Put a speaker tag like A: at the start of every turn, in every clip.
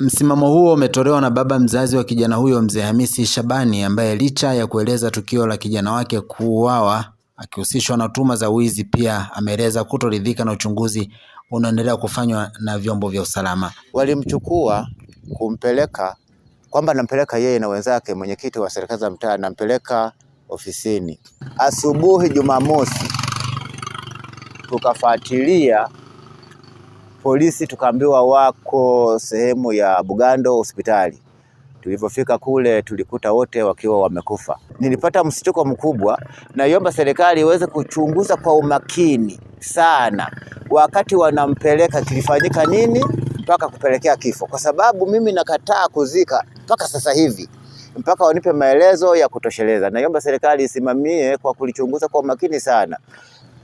A: Msimamo huo umetolewa na baba mzazi wa kijana huyo Mzee Hamisi Shabani ambaye licha ya kueleza tukio la kijana wake kuuawa akihusishwa na tuhuma za wizi, pia ameeleza kutoridhika na uchunguzi unaendelea kufanywa na vyombo vya usalama.
B: Walimchukua kumpeleka kwamba nampeleka yeye na wenzake, mwenyekiti wa serikali za mtaa nampeleka ofisini. Asubuhi Jumamosi tukafuatilia polisi tukaambiwa wako sehemu ya Bugando hospitali. Tulivyofika kule tulikuta wote wakiwa wamekufa. Nilipata mshtuko mkubwa. Naiomba serikali iweze kuchunguza kwa umakini sana, wakati wanampeleka kilifanyika nini mpaka kupelekea kifo, kwa sababu mimi nakataa kuzika mpaka sasa hivi mpaka wanipe maelezo ya kutosheleza. Naiomba serikali isimamie kwa kulichunguza kwa umakini sana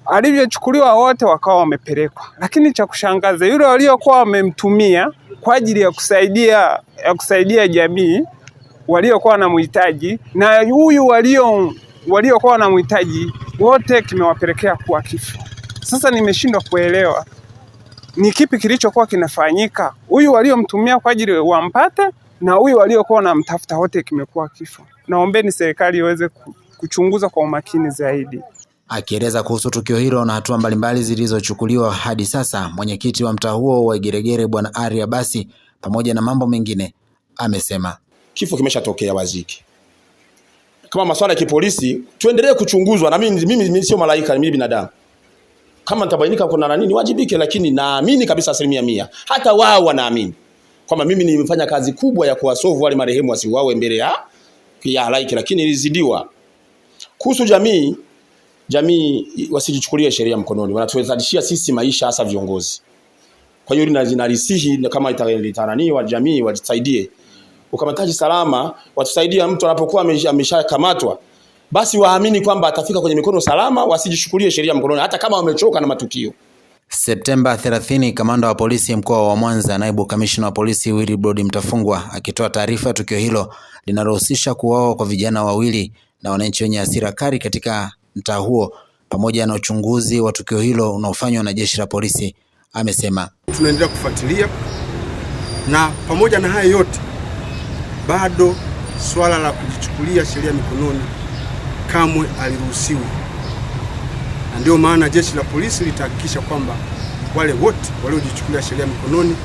B: alivyochukuliwa wote wakawa wamepelekwa, lakini cha kushangaza yule waliokuwa wamemtumia kwa ajili ya kusaidia, ya kusaidia jamii waliokuwa na mhitaji na huyu walio waliokuwa mhitaji wote kimewapelekea kuwa kifo. Sasa nimeshindwa kuelewa ni kipi kilichokuwa kinafanyika. Huyu waliomtumia kwa ajili wampate na huyu waliokuwa wanamtafuta wote kimekuwa kifo. Naombeni serikali iweze kuchunguza kwa umakini zaidi.
A: Akieleza kuhusu tukio hilo na hatua mbalimbali zilizochukuliwa hadi sasa, mwenyekiti wa mtaa huo wa Igeregere Bwana Ari Abasi, pamoja na mambo mengine, amesema
C: kifo kimeshatokea Waziki. Kama masuala ya kipolisi tuendelee kuchunguzwa, na mimi, mimi sio malaika, mimi binadamu. Kama nitabainika kuna nani niwajibike, lakini naamini kabisa asilimia mia, hata wao wanaamini kwamba mimi nimefanya kazi kubwa ya kuwasovu wale marehemu wasiuawe mbele ya ya halaiki, lakini ilizidiwa. Kuhusu jamii jamii wasijichukulie sheria mkononi, wanatuwezeshia sisi maisha, hasa viongozi. Kwa hiyo linalisihi kama wa jamii wajisaidie ukamataji salama, watusaidia. Mtu anapokuwa ameshakamatwa, basi waamini kwamba atafika kwenye mikono salama, wasijishukulie sheria mkononi, hata kama wamechoka na matukio.
A: Septemba 30, kamanda wa polisi mkoa wa Mwanza, naibu kamishna wa polisi Wilbrod Mtafungwa akitoa taarifa ya tukio hilo linalohusisha kuuawa kwa vijana wawili na wananchi wenye hasira kali katika mtaa huo pamoja na uchunguzi wa tukio hilo unaofanywa na jeshi la polisi. Amesema
D: tunaendelea kufuatilia na pamoja na haya yote bado swala la kujichukulia sheria mikononi kamwe aliruhusiwi, na ndio maana jeshi la polisi litahakikisha kwamba wale wote waliojichukulia sheria mikononi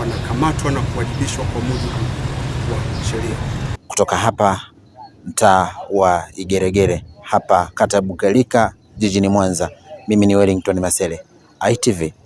D: wanakamatwa na kuwajibishwa kwa mujibu wa sheria.
A: Kutoka hapa mtaa wa Igeregere hapa kata Bukalika jijini Mwanza. Mimi ni Wellington Masele, ITV.